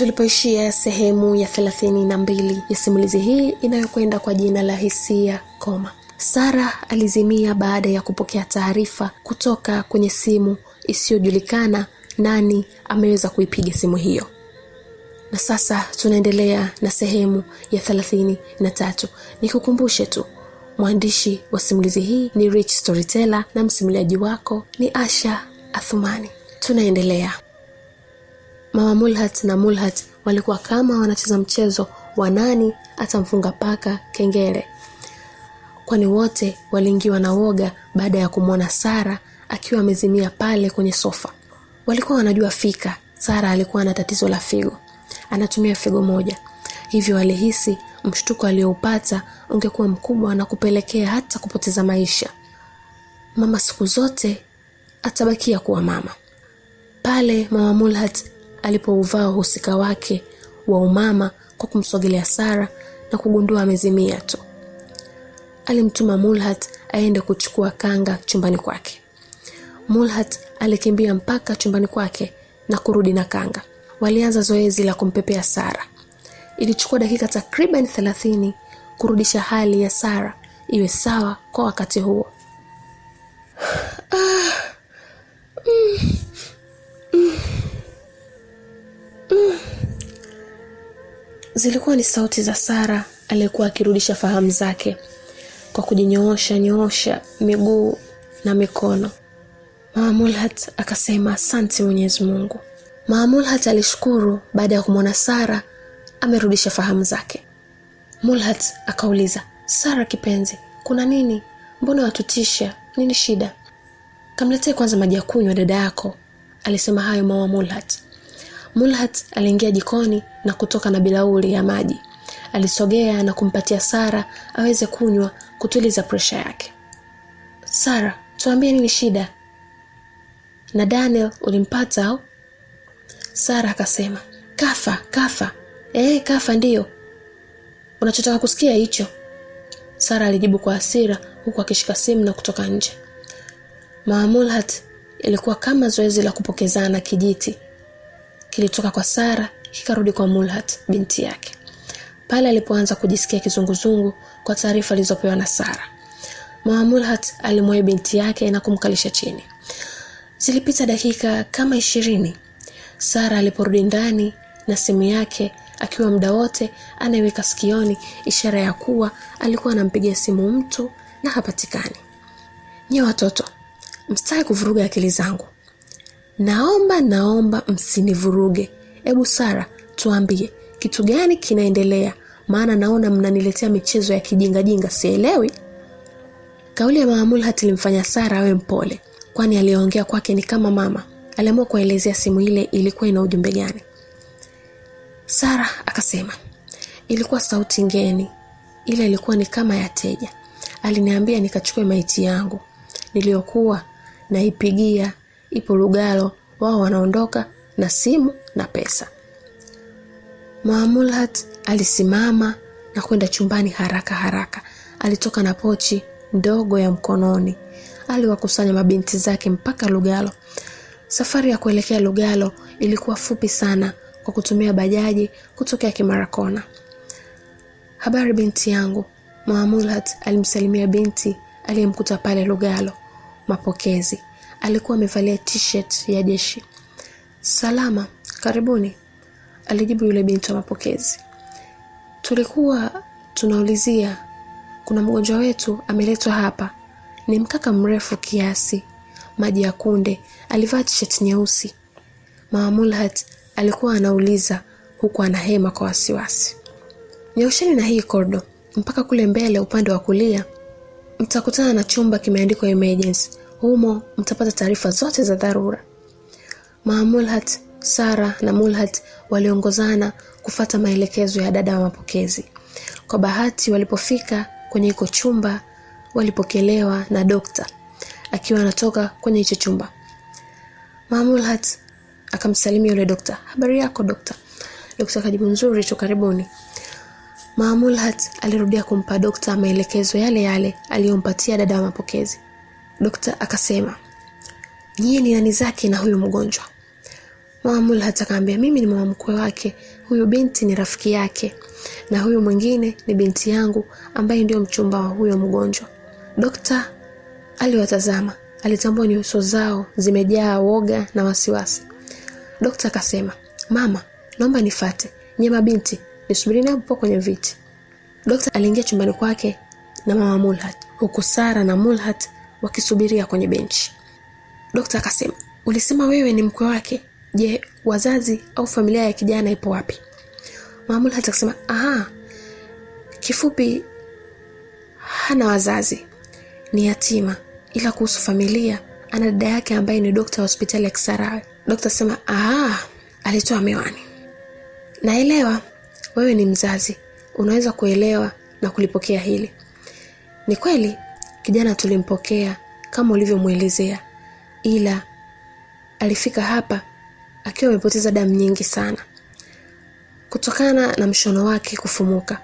tulipoishia sehemu ya thelathini na mbili ya simulizi hii inayokwenda kwa jina la hisia koma. Sara alizimia baada ya kupokea taarifa kutoka kwenye simu isiyojulikana nani ameweza kuipiga simu hiyo. Na sasa tunaendelea na sehemu ya thelathini na tatu. Nikukumbushe tu mwandishi wa simulizi hii ni Rich Storyteller na msimuliaji wako ni Asha Athumani. Tunaendelea. Mama Mulhat na Mulhat walikuwa kama wanacheza mchezo wa nani atamfunga paka kengele, kwani wote waliingiwa na woga baada ya kumwona Sara akiwa amezimia pale kwenye sofa. Walikuwa wanajua fika Sara alikuwa na tatizo la figo, anatumia figo moja, hivyo walihisi mshtuko aliyoupata ungekuwa mkubwa na kupelekea hata kupoteza maisha. Mama siku zote atabakia kuwa mama. Pale mama Mulhat alipouvaa uhusika wake wa umama kwa kumsogelea Sara na kugundua amezimia tu. Alimtuma Mulhat aende kuchukua kanga chumbani kwake. Mulhat alikimbia mpaka chumbani kwake na kurudi na kanga. Walianza zoezi la kumpepea Sara. Ilichukua dakika takriban thelathini kurudisha hali ya Sara iwe sawa kwa wakati huo. Ah, mm. Mm. Zilikuwa ni sauti za Sara aliyekuwa akirudisha fahamu zake kwa kujinyoosha nyoosha miguu na mikono. Maamulhat akasema asante Mwenyezi Mungu. Maamulhat alishukuru baada ya kumwona Sara amerudisha fahamu zake. Mulhat akauliza, Sara kipenzi, kuna nini? Mbona watutisha? Nini shida? Kamletee kwanza maji ya kunywa dada yako, alisema hayo mama Mulhat. Mulhat aliingia jikoni na kutoka na bilauli ya maji. Alisogea na kumpatia Sara aweze kunywa kutuliza presha yake. Sara, tuambie nini shida? Na Daniel ulimpata au? Sara akasema kafa, kafa. E, kafa ndiyo unachotaka kusikia hicho? Sara alijibu kwa hasira, huku akishika simu na kutoka nje. mulhat ilikuwa kama zoezi la kupokezana kijiti kilitoka kwa Sara kikarudi kwa Mulhat binti yake pale alipoanza kujisikia kizunguzungu kwa taarifa alizopewa na Sara. Mulhat alimwahi binti yake na kumkalisha chini. Zilipita dakika kama ishirini Sara aliporudi ndani na simu yake akiwa muda wote anaiweka sikioni, ishara ya kuwa alikuwa anampigia simu mtu na hapatikani. Nye watoto, msitaki kuvuruga akili zangu, Naomba, naomba msinivuruge. Ebu Sara, tuambie kitu gani kinaendelea? Maana naona mnaniletea michezo ya kijingajinga, sielewi. Kauli ya mama hati ilimfanya Sara awe mpole, kwani aliyeongea kwake ni kama mama. Aliamua kuelezea simu ile ilikuwa ina ujumbe gani. Sara akasema, ilikuwa sauti ngeni, ila ilikuwa ni kama ya teja. Aliniambia nikachukue maiti yangu niliyokuwa naipigia ipo Lugalo, wao wanaondoka na simu na pesa. Mamulat alisimama na kwenda chumbani haraka haraka. Alitoka na pochi ndogo ya mkononi, aliwakusanya mabinti zake mpaka Lugalo. Safari ya kuelekea Lugalo ilikuwa fupi sana kwa kutumia bajaji kutokea Kimarakona. Habari binti yangu, Mamulat alimsalimia binti aliyemkuta pale Lugalo mapokezi. Alikuwa amevalia t-shirt ya jeshi. Salama, karibuni, alijibu yule binti wa mapokezi. Tulikuwa tunaulizia kuna mgonjwa wetu ameletwa hapa, ni mkaka mrefu kiasi, maji ya kunde, alivaa t-shirt nyeusi. Mama Mulhat alikuwa anauliza huku anahema kwa wasiwasi. Nyosheni na hii kordo mpaka kule mbele upande wa kulia mtakutana na chumba kimeandikwa emergency. Humo mtapata taarifa zote za dharura. Maamulhat, Sara na Mulhat waliongozana kufata maelekezo ya dada wa mapokezi. Kwa bahati, walipofika kwenye iko chumba walipokelewa na dokta akiwa anatoka kwenye hicho chumba. Maamulhat akamsalimia yule dokta, habari yako dokta? Dokta akajibu nzuri tu, karibuni. Maamulhat alirudia kumpa dokta maelekezo yale yale aliyompatia dada wa mapokezi. Dokta akasema nyie ni nani zake na huyu mgonjwa? Mama Mulhat akaambia mimi ni mama mkwe wake, huyu binti ni rafiki yake, na huyu mwingine ni binti yangu ambaye ndio mchumba wa huyo mgonjwa. Dokta aliwatazama, alitambua nyuso zao zimejaa woga na wasiwasi. Dokta akasema, mama, naomba nifate nyema binti nisubiri napo kwenye viti. Dokta aliingia chumbani kwake na mama Mulhat, huku Sara na Mulhat wakisubiria kwenye benchi. Dokta akasema, ulisema wewe ni mkwe wake, je, wazazi au familia ya kijana ipo wapi? Maamul hata akasema, aha, kifupi hana wazazi, ni yatima, ila kuhusu familia ana dada yake ambaye ni dokta wa hospitali ya Kisarawe. Dokta sema, aha, alitoa miwani. Naelewa wewe ni mzazi, unaweza kuelewa na kulipokea hili. Ni kweli Kijana tulimpokea kama ulivyomwelezea, ila alifika hapa akiwa amepoteza damu nyingi sana kutokana na mshono wake kufumuka,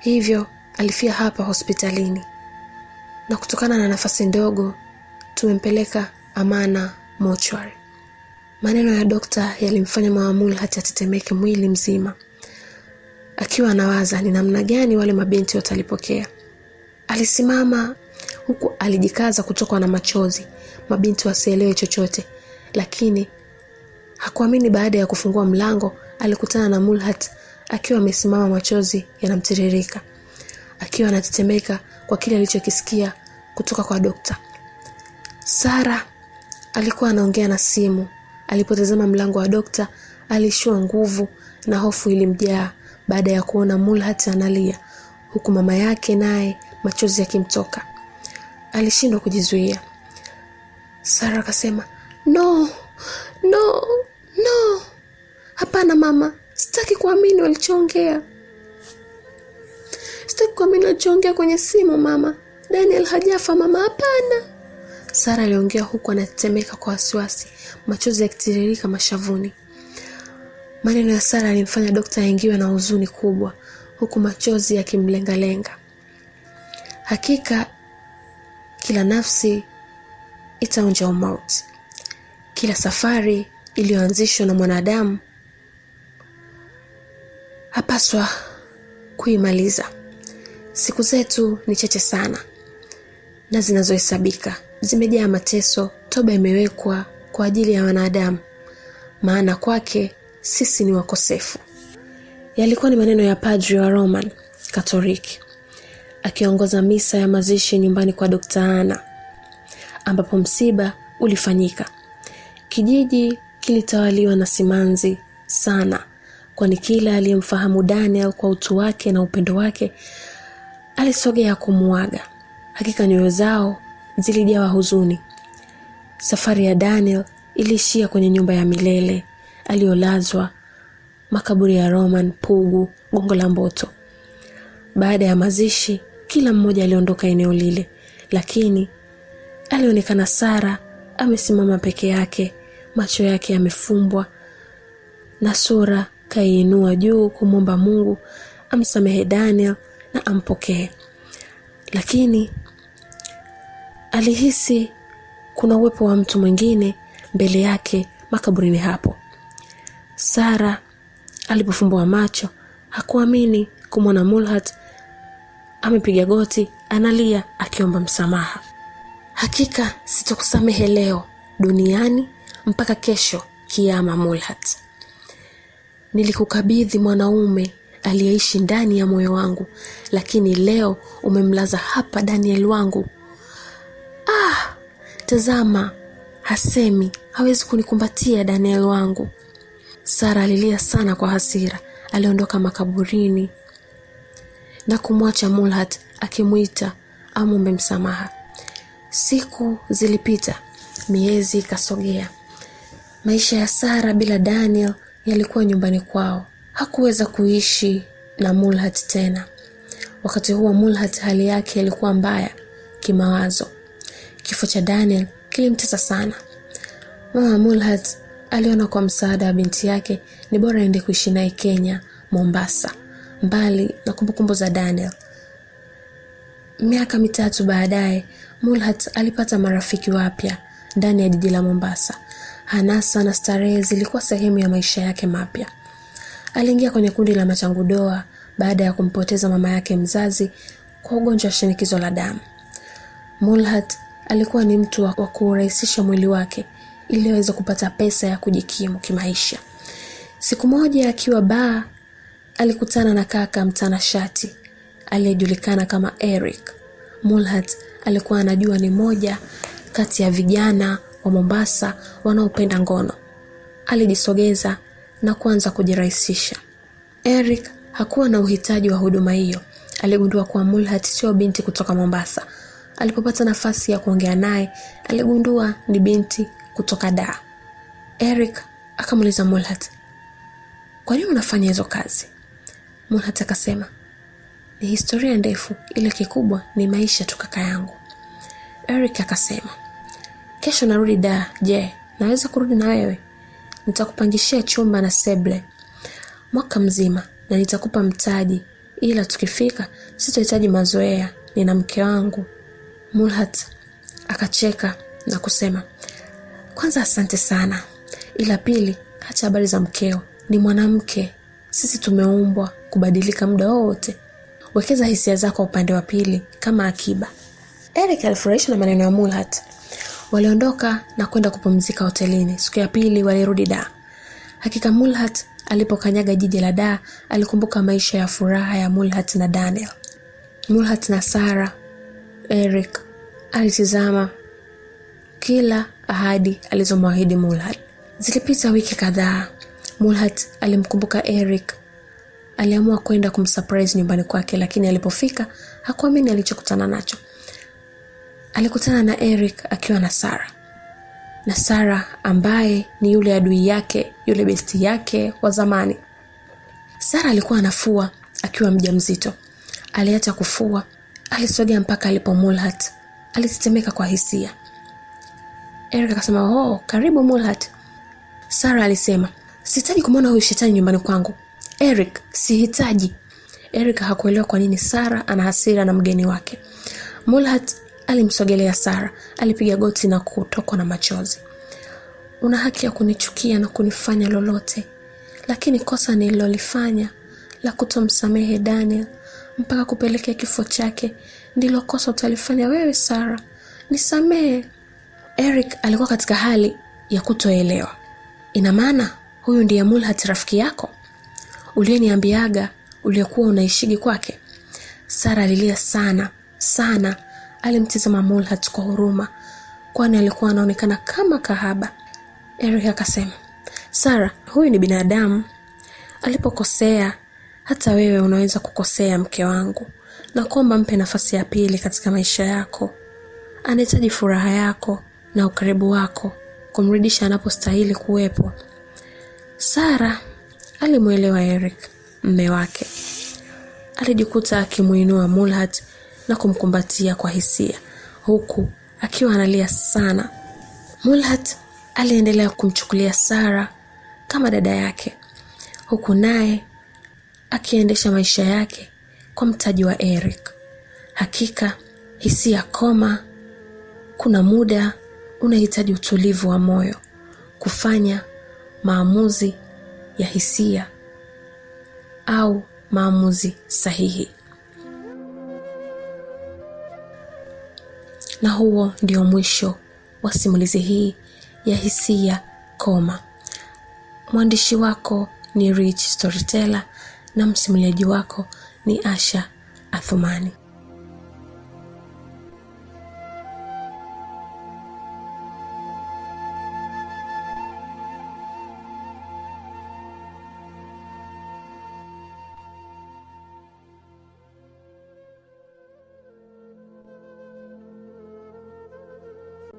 hivyo alifia hapa hospitalini, na kutokana na nafasi ndogo tumempeleka Amana mochwar Maneno ya dokta yalimfanya Maamul hati atetemeke mwili mzima, akiwa anawaza ni namna gani wale mabinti watalipokea. Alisimama huku alijikaza kutokwa na machozi, mabinti wasielewe chochote, lakini hakuamini. Baada ya kufungua mlango, alikutana na Mulhat akiwa amesimama, machozi yanamtiririka, akiwa anatetemeka kwa kile alichokisikia kutoka kwa dokta. Sara alikuwa anaongea na simu. Alipotazama mlango wa dokta, alishua nguvu na hofu ilimjaa baada ya kuona Mulhat analia, huku mama yake naye machozi yakimtoka. Alishindwa kujizuia. Sara akasema no, no, no, hapana mama, sitaki kuamini walichoongea, sitaki kuamini walichoongea kwenye simu mama, Daniel hajafa mama, hapana. Sara aliongea huku anatetemeka kwa wasiwasi, machozi yakitiririka mashavuni. Maneno ya Sara alimfanya dokta aingiwe na huzuni kubwa, huku machozi yakimlengalenga. Hakika kila nafsi itaonja umauti. Kila safari iliyoanzishwa na mwanadamu hapaswa kuimaliza. Siku zetu ni chache sana na zinazohesabika, zimejaa mateso. Toba imewekwa kwa ajili ya wanadamu, maana kwake sisi ni wakosefu. Yalikuwa ni maneno ya padri wa Roman Katoliki akiongoza misa ya mazishi nyumbani kwa Dkt. Anna ambapo msiba ulifanyika. Kijiji kilitawaliwa na simanzi sana, kwani kila aliyemfahamu Daniel kwa utu wake na upendo wake alisogea kumuaga. Hakika nyoyo zao zilijawa huzuni. Safari ya Daniel iliishia kwenye nyumba ya milele aliyolazwa, makaburi ya Roman Pugu, Gongo la Mboto. Baada ya mazishi kila mmoja aliondoka eneo lile, lakini alionekana Sara amesimama peke yake, macho yake yamefumbwa na sura kaiinua juu kumwomba Mungu amsamehe Daniel na ampokee, lakini alihisi kuna uwepo wa mtu mwingine mbele yake makaburini hapo. Sara alipofumbua macho hakuamini kumwona Mulhat amepiga goti analia akiomba msamaha. Hakika sitokusamehe leo duniani mpaka kesho kiama. Mulhat, nilikukabidhi mwanaume aliyeishi ndani ya moyo wangu, lakini leo umemlaza hapa Daniel wangu. Ah, tazama, hasemi, hawezi kunikumbatia Daniel wangu. Sara alilia sana kwa hasira, aliondoka makaburini na kumwacha Mulhat akimwita amwombe msamaha. Siku zilipita, miezi ikasogea. Maisha ya Sara bila Daniel yalikuwa nyumbani kwao. Hakuweza kuishi na Mulhat tena. Wakati huo Mulhat hali yake ilikuwa mbaya kimawazo. Kifo cha Daniel kilimtesa sana. Mama Mulhat aliona kwa msaada wa binti yake ni bora aende kuishi naye Kenya, Mombasa mbali na kumbukumbu za Daniel. Miaka mitatu baadaye, Mulhat alipata marafiki wapya ndani ya jiji la Mombasa. Hanasa na starehe zilikuwa sehemu ya maisha yake mapya. Aliingia kwenye kundi la machangudoa baada ya kumpoteza mama yake mzazi kwa ugonjwa wa shinikizo la damu. Mulhat alikuwa ni mtu wa kuurahisisha mwili wake ili aweze kupata pesa ya kujikimu kimaisha. Siku moja akiwa baa alikutana na kaka mtanashati aliyejulikana kama Eric. Mulhat alikuwa anajua ni moja kati ya vijana wa Mombasa wanaopenda ngono. Alijisogeza na kuanza kujirahisisha. Eric hakuwa na uhitaji wa huduma hiyo. Aligundua kuwa Mulhat sio binti kutoka Mombasa. Alipopata nafasi ya kuongea naye, aligundua ni binti kutoka Dar. Eric akamuuliza Mulhat, kwa nini unafanya hizo kazi? Monhat akasema ni historia ndefu, ile kikubwa ni maisha tu kaka yangu. Eric akasema kesho narudi da. Je, naweza kurudi na wewe? Nitakupangishia chumba na seble mwaka mzima na nitakupa mtaji, ila tukifika sitohitaji mazoea, nina mke wangu. Mulhat akacheka na kusema kwanza, asante sana, ila pili, hata habari za mkeo, ni mwanamke, sisi tumeumbwa kubadilika muda wowote. Wekeza hisia zako upande wa pili kama akiba. Eric alifurahishwa na maneno ya Mulhat. Waliondoka na kwenda kupumzika hotelini. Siku ya pili walirudi da Hakika Mulhat alipokanyaga jiji la da alikumbuka maisha ya furaha ya Mulhat na Daniel, Mulhat na Sara. Eric alitizama kila ahadi alizomwahidi Mulhat. Zilipita wiki kadhaa. Mulhat alimkumbuka Eric aliamua kwenda kumsurprise nyumbani kwake lakini alipofika hakuamini alichokutana nacho alikutana na eric akiwa na sara na sara ambaye ni yule adui yake yule besti yake wa zamani sara alikuwa anafua akiwa mja mzito aliacha kufua alisogea mpaka alipo mulhat alitetemeka kwa hisia eric akasema oh, karibu mulhat sara alisema sihitaji kumwona huyu shetani nyumbani kwangu Eric, sihitaji. Eric hakuelewa kwa nini Sara ana hasira na mgeni wake. Mulhat alimsogelea Sara, alipiga goti na kutokwa na machozi. Una haki ya kunichukia na kunifanya lolote, lakini kosa nililolifanya la kutomsamehe Daniel mpaka kupelekea kifo chake ndilo kosa utalifanya wewe Sara. Nisamehe. Eric alikuwa katika hali ya kutoelewa. Ina maana huyu ndiye Mulhat rafiki yako? uliyeniambiaga uliokuwa unaishigi kwake? Sara alilia sana sana. Alimtizama Mulhat kwa huruma, kwani alikuwa anaonekana kama kahaba. Eric akasema, Sara, huyu ni binadamu, alipokosea hata wewe unaweza kukosea, mke wangu, na kwamba mpe nafasi ya pili katika maisha yako. Anahitaji furaha yako na ukaribu wako, kumrudisha anapostahili kuwepo. Sara alimwelewa Eric mme wake. Alijikuta akimwinua Mulhat na kumkumbatia kwa hisia, huku akiwa analia sana. Mulhat aliendelea kumchukulia Sara kama dada yake, huku naye akiendesha maisha yake kwa mtaji wa Eric. Hakika hisia koma, kuna muda unahitaji utulivu wa moyo kufanya maamuzi ya hisia au maamuzi sahihi. Na huo ndio mwisho wa simulizi hii ya hisia koma. Mwandishi wako ni Rich Storyteller na msimuliaji wako ni Asha Athumani.